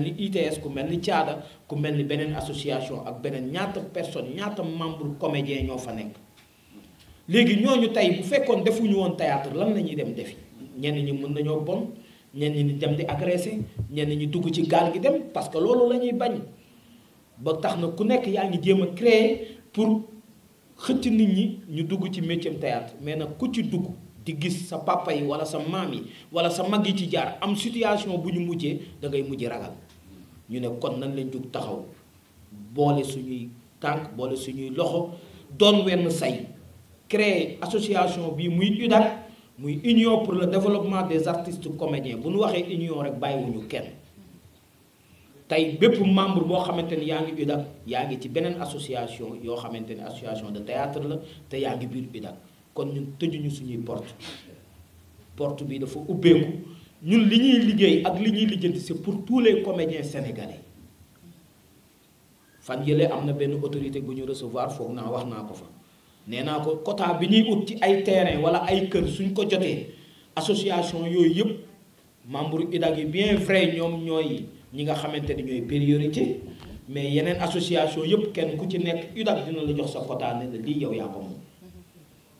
melni ITS ku melni Tiada ku melni benen association ak benen ñaata personne ñaata membre comédien ño fa nekk léegi ñooñu tay bu defu ñu won théâtre lan lañuy dem defi ñen ñi mën nañu bon ñen ñi dem di agresser ñen ñi dugg ci gal gi dem parce que lolu lañuy bañ ba taxna ku nek yaa ngi créer pour xëc nit ñi ñu dugg ci métier théâtre mais nak ku ci dugg di gis sa papa yi wala sa mami wala sa magi ci jaar am situation bu ñu mujjee da ngay mujjé ragal ñu ne kon nan leen jug taxaw boole suñuy tànk boole suñuy loxo doon wenn say créer association bi muy UDAC muy union pour le développement des artistes comédiens bu ñu waxee union rek bàyyiwuñu kenn tey bépp membre boo xamante ni yaa ngi UDAC yaa ngi ci beneen association yoo xamante ni association de théâtre la te yaa ngi biir UDAC kon ñun tëjuñu suñuy porte porte bi dafa ubbeeku ñun li ñuy liggéey ak li ñuy lijjanti si pour tous les comédiens yi fan yële am na benn autorité bu ñu recevoir foog naa wax naa ko fa nee naa ko quota bi ñuy ut ci ay terrain wala ay kër suñ ko jotee association yooyu yëpp membre UDAG yi bien vrai ñoom ñooy ñi nga xamante ni ñooy priorité mais yeneen association yëpp kenn ku ci nekk UDAG dina la jox sa quota ne la lii yow yaa ko moom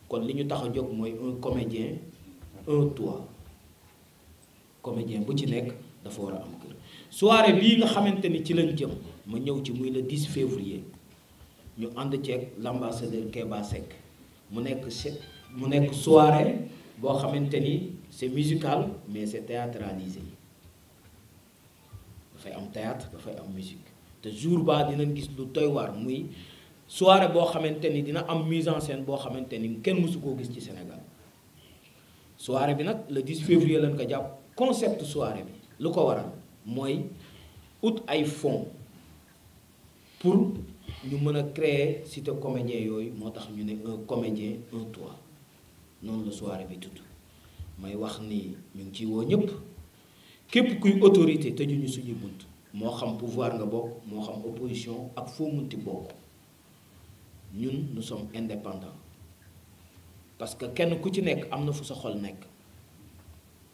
kon li ñu tax a jóg mooy un comédien un toit comédien bu ci nek da war wara am kër soirée bi nga xamanteni ci lañ jëm ma ñëw ci muy le 10 février ñu ànd ceeg l'ambassadeur Keba Sek mu nek mu nek soirée bo xamanteni c'est musical mais c'est théâtralisé da fay am théâtre da fay am musique te jour ba dinañ gis lu doy waar muy soirée bo xamanteni dina am mise en scène bo xamanteni ni kenn mësu koo gis ci Sénégal soirée bi nak le 10 février lañ ko japp concept soirée bi lu ko waral mooy ay fonds pour ñu mën a créer cité comédien yooyu moo tax ñu ne un comédien un toit noonu la soirée bi tudd may wax ni ñu ngi ciy woo ñëpp képp kuy autorité ñu suñu bunt moo xam pouvoir nga bokk moo xam opposition ak foo munti bokk ñun nous sommes indépendants parce que kenn ku ci nekk am na fu sa xol nekk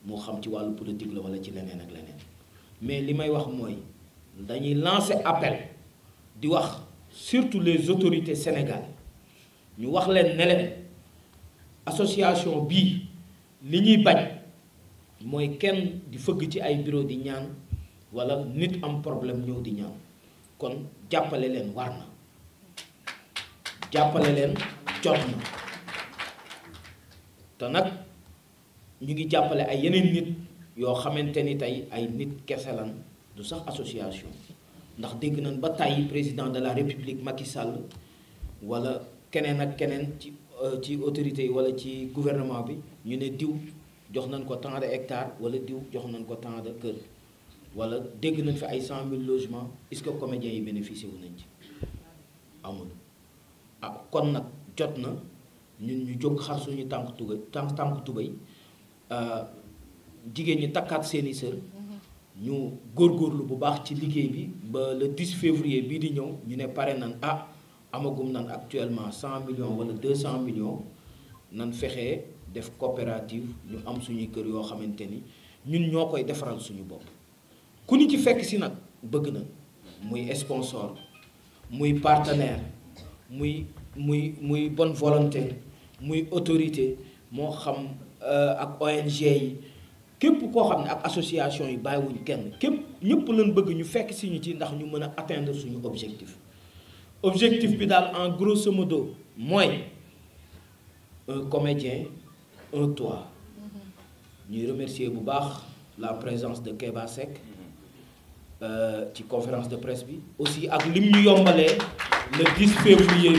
moo xam ci wàllu politique la wala ci leneen ak leneen mais li wax lancer appel di surtout les autorités sénégalaises ñu wax leen ne association bañ kenn di ci ay bureau di problème di ñaan kon leen ñu ngi jàppale ay yeneen nit yoo xamante ni tey ay nit kese lan du sax association ndax dégg nañ ba tàyyi président de la république Macky Sall wala keneen ak keneen ci euh, ci autorité yi wala ci gouvernement bi ñu ne diw jox nañ ko tant de hectares wala diw jox nañ ko temps de kër wala dégg nañ fi ay cent mille logements est-ce que comédiens yi bénéficié wu nañ ci amul ah kon nag jot na ñun ñu jóg xar suñu tànk tuga tànk tànk tubay Euh, jigéen ñi takkaat seeni sër ñu góorgóorlu bu baax ci liggéey bi ba le 10 février bii di ñëw ñu ne pare nan ah amagum nan actuellement 100 millions wala 200 millions nan fexe def coopérative ñu am suñuy kër yoo xamante ni ñun ñoo koy defaral suñu bopp ku ñu ci fekk si nag bëgg na muy sponsor muy partenaire muy muy muy bonne volonté muy autorité moo xam euh, ak ONG yi képp koo xam ne ak association yi bàyyiwuñ kenn képp ñëpp lañ bëgg ñu fekk ñu ci atteindre suñu objectif. objectif bi en grosso modo mooy un comédien un toit mm-hmm. ñuy remercier bu baax la présence de Keba Seck mm-hmm. euh, ci conférence de presse bi. aussi ak lim ñu yombalee le 10 février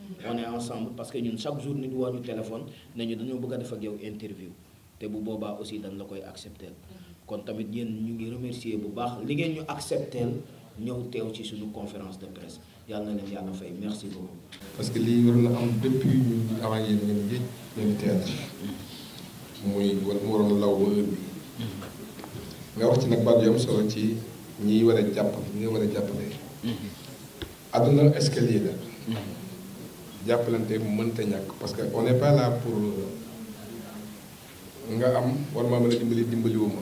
on est ensemble parce que nous, chaque jour nous avons ñu téléphone nous nous avons une interview Et nous aussi dañ la koy accepter kon tamit nous ngi remercier bu conférence de presse merci beaucoup. parce que depuis avant avons le théâtre muy avons law bi nga wax ci jàppalante mënta ñak parce que on n'est pas là pour nga am war ma mëna dimbali dimbali wu ma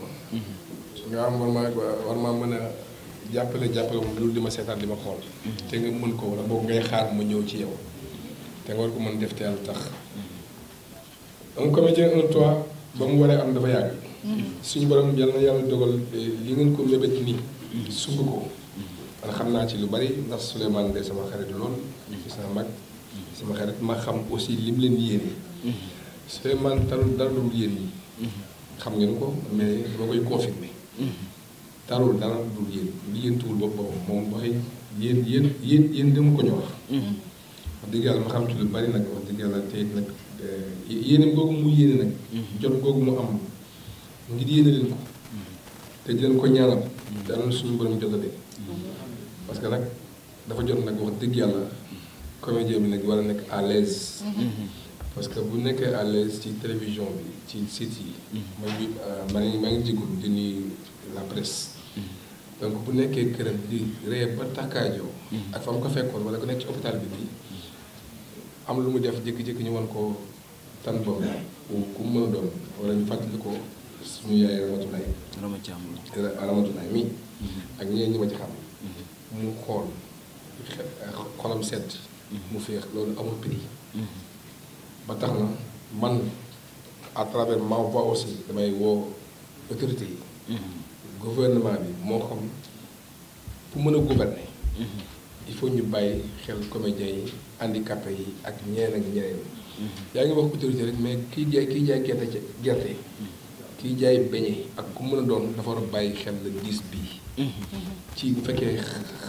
nga am war ma war ma mëna a jàppale mu moom dima di dima xol di mhm. nga mën ko wala bok ngay xaar mu ñëw ci yow té nga war ko mën def te tax mhm. un comédien un toi ba mu waré am dafa yagg mhm. suñu borom yàlla na yàlla dogal eh, li ngeen ko mebet ni sumb ko man xam ci lu bari ndax Souleymane Ndeye sama xarit lool ci sama mag sama rek ma xam aussi lim leen yéene. Mm-hmm. Souleymane talul dara dul yéen ñi. Mm-hmm. xam ngeen ko mais boo koy confirmé. Mm-hmm. talul dara dul yéen li yéen tuwul bopp moom waxi yéen yéen yéen yéen ko ñu dëgg yàlla ma xam ci lu bari nag wax dëgg yàlla tey nag eh, yéene googu mu yéene nag. jot googu mu am ngir yéene leen ko. te di leen ko ñaanal. daanaka suñu borom jotale. parce que nag dafa jot nag wax dëgg yàlla. comédien bi nag war a à l'aise mhm. Mhm. parce que bu nekkee à l'aise ci télévision bi ci site yi mhm. euh, ma ngi ma ngi maa di nuyu la presse donc bu nekkee këram di ree ba takkaajoo ak fa mu ko fekkoon wala ku nekk ci hôpital bi bi am lu mu def jékki-jékki ñu wan ko tan boobu ku mu mën a doon wala ñu fàttali ko suñu yaay Ramatulaay nay mi ak ñeen ñi ma ci xam mu xool xolam sedd mu féex loolu amul prix. Mm-hmm. ba tax na man à travers ma voix damay woo autorité yi. Mm-hmm. gouvernement bi moo xam pour mën a gouverner. Mm-hmm. il faut ñu bàyyi xel comédiens yi handicapés yi ak ñeneen ak ñeneen. yaa ngi wax autorité rek mais kiy jaay kiy jaay gerte ca gerte. kiy jaay beñe ak ku mën a doon dafa bàyyi xel le diis bi ci bu fekkee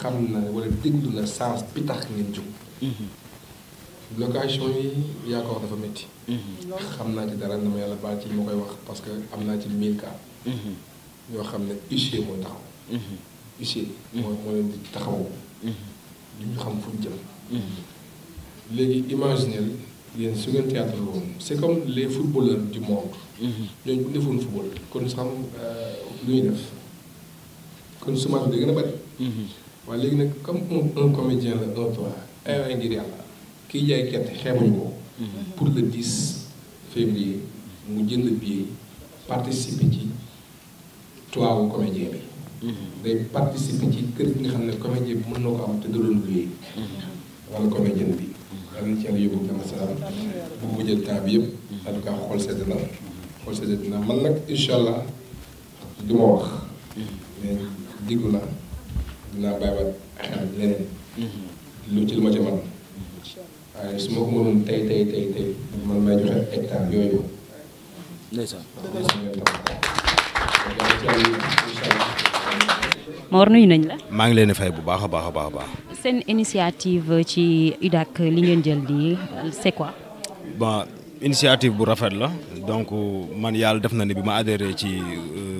xam na wala déglu na sens bi tax ngeen jóg. Mm-hmm. location yi yaa ko wax dafa métti. Mm-hmm. xam naa ci dara dama yàlla baal ci ma koy wax parce que am naa ci mille cas. Mm-hmm. yoo xam ne huissier moo taxaw. huissier. moo moo leen di taxawu. duñu xam fu ñu jëm. léegi imaginel yéen su ngeen théâtre woon c' comme les footballeurs du monde. ñooñu bu defoon football kon xam euh, lu ñuy def kon semence bi gën a bari. waaye léegi nag comme un comédien la un ay waay ngir yàlla kiy jaay gerte xeebuñ ko mm-hmm. pour le 10 février mu jënd billet participer ci toiwu comédien bi mm-hmm. day participer ci kër gi nga xam ne comédien bi mën na ko am te da mm-hmm. bi yàlla na ci yàlla yóbbu jàmm bu jël temps bi yëpp xool sedd na xool sedd na man nag incha allah ma wax mais diggu la dinaa bàyyiwaat xel leneen lu ci lu ma nañ la. maa ngi leen di fay bu baax a baax a baax a baax. seen initiative ci UDAC li ngeen jël di c'est bon initiative bu rafet la donc man yàlla def na ni bi ma adhéré ci. Euh,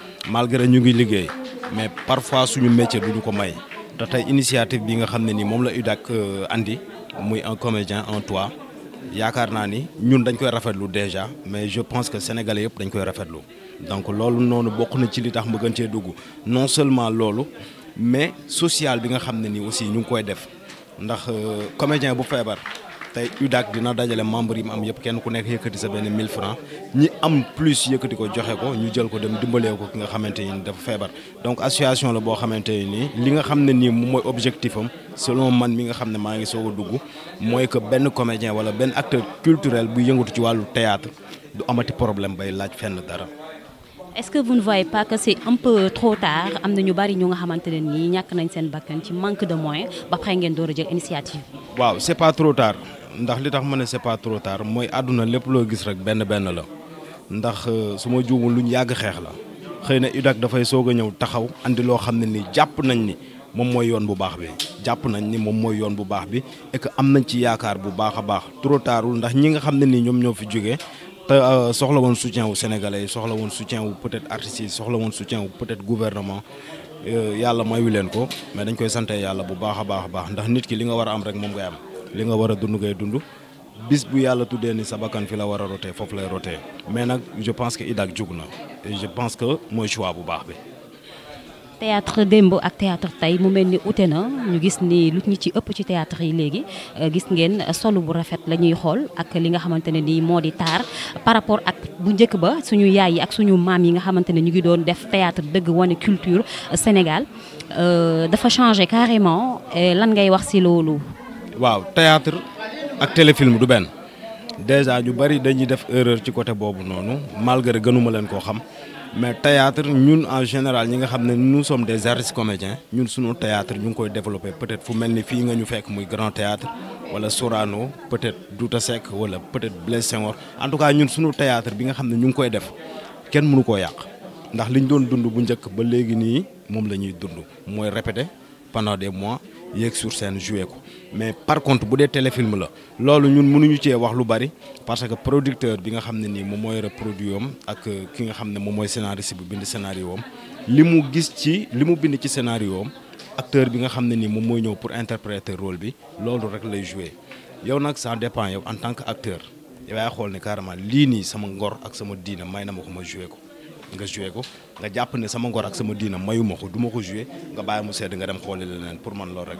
malgré ñu ngi liggéey mais parfois suñu métier du ñu ko may te tey initiative bi nga xam ni moom la UDAC euh, andi muy un comédien en toi yaakaar naa ni ñun dañ koy rafetlu déjà mais je pense que sénégalais yëpp dañ koy rafetlu donc loolu noonu bokk na ci li tax ma gën cee non seulement loolu mais social bi nga xam ni aussi ñu ngi koy def ndax euh, comédien bu feebar tey UDAC dina dajale membre yi mu am yep kenn ku nekk yëkkati sa ben 1000 francs ñi am plus yëkkati ko joxe ko ñu jël ko dem dimbalé ko ki nga xamanteni dafa fébar donc association la bo xamanteni li nga xamné ni moy objectif am selon man mi nga xamné ma maa ngi soog dugg moy que ben comédien wala ben acteur culturel bu yëngatu ci walu théâtre du amati problème bay laaj fenn dara. est-ce que vous ne voyez pas que c'est un peu trop tard am na ñu bari ñu nga xamante ne nii nañ seen bakkan ci manque de moyens ba après ngeen door a jël initiative waaw c'est pas trop tard. ndax li tax ma ne c'est pas mooy àdduna lépp loo gis rek benn benn la ndax euh, su ma lu ñu yàgg xeex la xëy na UDAC dafay soog a ñëw taxaw andi loo xam ne nii jàpp nañ ni moom mooy yoon bu baax bi jàpp nañ ni moom mooy yoon bu baax bi et que am nañ ci yaakaar bu baax a baax trop ndax ñi nga xam ne nii ñoom ñoo fi jógee te euh, soxla woon soutien wu sénégalais soxla woon soutien wu peut-être artistes yi soxla woon soutien wu peut guvernement gouvernement euh, yàlla mayu leen ko mais dañ koy sante yàlla bu baax baax a baax ndax nit ki li nga war a am rek moom ngay am li nga war a dund ngay dund bis bu yàlla tuddee ni sa bakkan fi la war a rotee foofu lay rotee mais nag je pense que idak jug na et je pense que mooy choix bu baax bi. théâtre démb ak théâtre tey mu mel ni ute na ñu gis ni lu ñu ci ëpp ci théâtre yi léegi euh, gis ngeen solo bu rafet la ñuy xool ak li nga xamante ne nii moo di taar par rapport ak bu njëkk ba suñu yaay yi ak suñu maam yi nga xamante ne ñu ngi doon def théâtre dëgg wane culture euh, Sénégal euh, dafa changé carrément lan ngay wax ci loolu waaw théâtre ak téléfilm du ben déjà ñu bari dañuy def erreur ci côté bobu nonu malgré gënuma leen ko xam mais théâtre ñun en général ñi nga xam ne nous sommes des artistes comédiens ñun suñu théâtre ñu ngi koy développer peut-être fu mel ni fii nga ñu fekk muy grand théâtre wala Sorano peut-être Douta sec, wala peut-être Blaise Senghor en tout cas ñun suñu théâtre bi nga xam ne ñu ngi koy def kenn mënu koo yàq ndax liñ doon dund bu njëkk ba léegi nii moom la ñuy dund mooy répéter pendant des mois yéeg sur scène jouer ko mais par contre bu dee téléfilm la lolu ñun mënuñu ci wax lu bari parce que producteur bi nga xamné ni nii moy mooy produit ak euh, ki nga xamné ne moy scénariste bu bind scénario am li gis ci limu bind ci scénario am acteur bi nga xamné ni nii moy ñew pour interpréter rôle bi lolu rek lay jouer yow nak ça dépend yow en tant qu'acteur acteur yaay xool ne carrément li ni sama ngor ak sama diina may na ma ko ma jouer ko nga jouer ko nga japp ne sama ngor ak sama diina mayu ma ko du ko nga bàyyi mu nga dem xooli leneen pour man loolu rek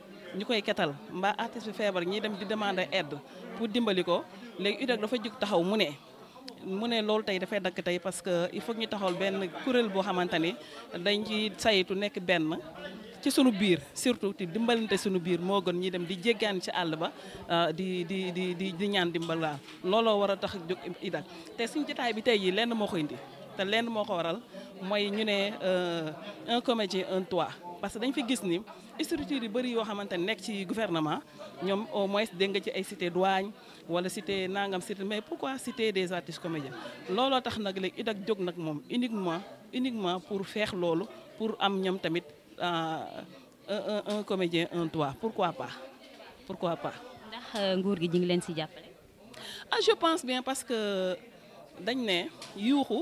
ñu koy ketal mbaa artiste bi feebar ñiy dem di demande edd pour dimbali ko léegi UDAG dafa jug taxaw mu ne mu ne loolu tey dafay dakk tey parce que il faut ñu taxawal benn kuréel boo xamante ni dañ ci saytu nekk benn ci sunu biir surtout di dimbalinte suñu biir moo gën ñuy dem di jéggaan ci àll ba ah, di di di di di ñaan dimbal laa looloo war a tax jóg UDAG te suñu jotaay bi tey yi lenn moo ko indi te lenn moo ko waral mooy ñu ne euh, un comédien un toit parce que dañ fi gis ni structure yu bari yoo xamante ne nekk ci gouvernement ñoom au moins dégg nga ci ay cité douane wala cité nangam cité mais pourquoi cité des artistes comédiens looloo tax nag léegi itak jóg nag moom uniquement uniquement pour feex loolu pour am ñoom tamit euh, un comédien un toit pourquoi pas pourquoi pas. ndax euh, nguur gi ñu ngi leen si jàppale. ah je pense bien parce que dañ ne yuuxu.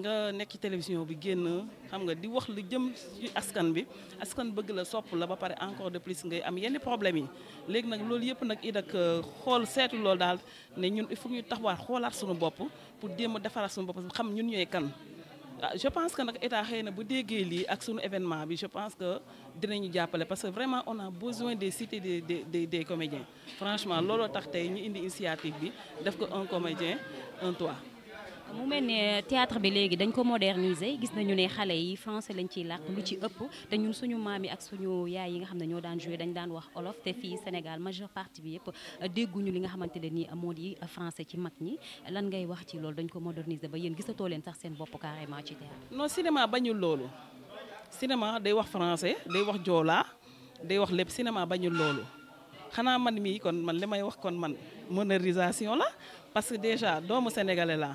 nga nekk télévision bi génn xam nga di wax lu jëm ci askan bi askan bëgg la sopp la ba pare encore de plus ngay am yenn problème yi léegi nag loolu yëpp nag it ak euh, xool seetu loolu daal ne ñun il faut ñu taxawaat xoolaat suñu bopp pour déem a defaraat suñu bopp xam ñun ñooy kan ah, je pense que nag état xëy na bu déggee lii ak suñu événement bi je pense que dinañu jàppale parce que vraiment on a besoin des cités des des des comédiens franchement looloo tax tey ñu indi initiative bi def ko un comédien un toit mu théâtre bi léegi dañ ko moderniser gis nañu né xalé yi français lañ ciy làkk lu ci ëpp té ñun suñu mami ak suñu yaay yi nga xamné ño daan jouer dañ daan wax olof té fi Sénégal majeure partie bi yëpp euh, dégguñu li nga xamanté ni nii moo euh, français ci mag ñi lan ngay wax ci lool dañ ko moderniser ba yéen gisatoo leen sax seen bopp carrément ci théâtre non cinéma bañul loolu cinéma day wax français day wax jola day wax lépp cinéma bañul loolu xana man mi kon man limay wax kon man modernisation la parce que déjà doomu sénégalais la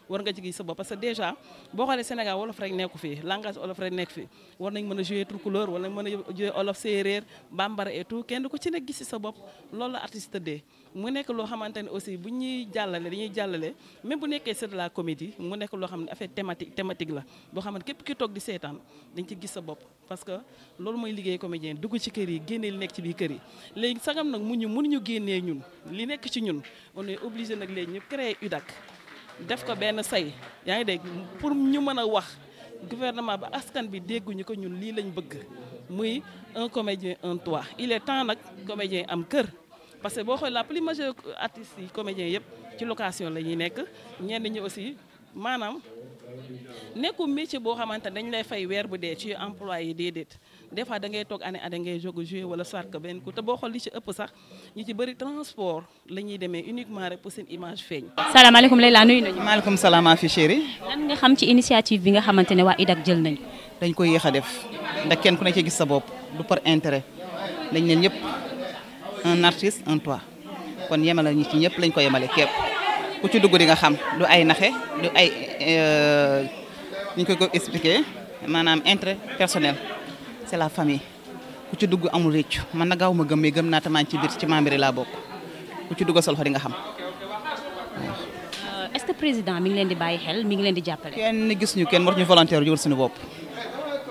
war nga ci gis bo parce que déjà bo xoolee Sénégal wolof rek nekku fi langage wolof rek nekk fi war nañ mëna jouer trop couleur wala mëna jouer olof séeréer bambar et tout kenn ku ci nekk gis ci sa bop loolu artiste dé mu nekk lo xamanteni aussi bu ñuy jallalé dañuy jallalé même bu nekké c'est de la comédie mu nekk lo xamné affaire thématique thématique la bo xam képp ki tok di sétane dañ ci gis sa bop parce que loolu moy liggéey comédien dugg ci kër yi génnee li nekk ci bi kër yi légui sagam nak mu ñu mënuñu génnee ñun li nekk ci ñun on est obligé nak léegi ñu créer UDAC def ko benn say yaa ngi dégg pour ñu mën a wax gouvernement ba askan bi dégguñu ko ñun lii lañ bëgg muy un comédien un toit il est temps nag comédien am kër parce que boo xoolee la plus majeure artistes yi comédiens yëpp ci location la ñuy nekk ñenn ñi aussi maanaam nekku métier boo xamante dañ lay fay weer bu dee ci employé yi déedéet des fois da ngay toog année année ngay jóg jouer wala soit que benn ku te boo xool li ci ëpp sax ñu ci bëri transport la ñuy demee uniquement rek pour seen image feeñ. salaamaaleykum Leila nuyu nañu. maaleykum salaam Afi chéri. xam ci initiative bi nga xamante ne waa IDAK jël nañu. dañ koy yéex a def ndax kenn ku ne ci gis sa bopp du par intérêt dañ leen yëpp un artiste un toit kon yemale ñi ci ñëpp lañ ko yemale képp ku ci dugg di nga xam du ay naxe du ay euh, ñu koy ko expliquer maanaam intérêt personnel. c'est la famille ku ci dugg amul réccu man na gaaw ma gëm mais gëm naa tamaan ci biir ci membre laa bokk ku ci dugg sol xo di nga xam waaw. Euh, est-ce que président mi ngi leen di bàyyi xel mi ngi leen di jàppale. kenn gis ñu kenn war ñu volontaire ñu wër suñu bopp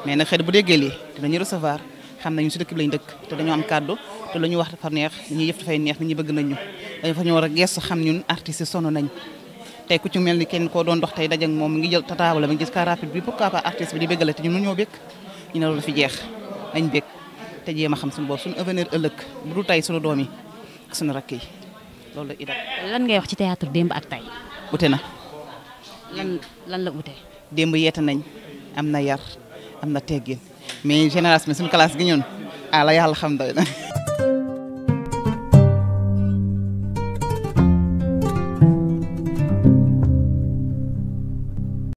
mais nag xëy na bu déggee lii dinañu recevoir xam nañu si dëkk bi lañ dëkk te dañoo am kàddu te lu ñu wax dafa neex ñuy yëf dafay neex nit ñi bëgg nañ ñu dañu fa ñoo war a gestu xam ñun artistes yi sonn nañ tey ku ci mel ni kenn koo doon dox tey daje ak moom ngi jël tataawala mi ngi gis car rapide bi pourquoi pas artiste bi di béggale te ñun ñoo békk ñu ne loolu fi jeex nañ bég te jéem a xam suñu bopp suñ avenir ëllëg bu dul tey suñu doom yi ak suñu rakk yi loolu la lan ngay wax ci théâtre démb ak tey. ute na. lan lan la ute. démb yeete nañ am na yar am na teggin mais génération bi suñu classe gi ñun ala ah xam doy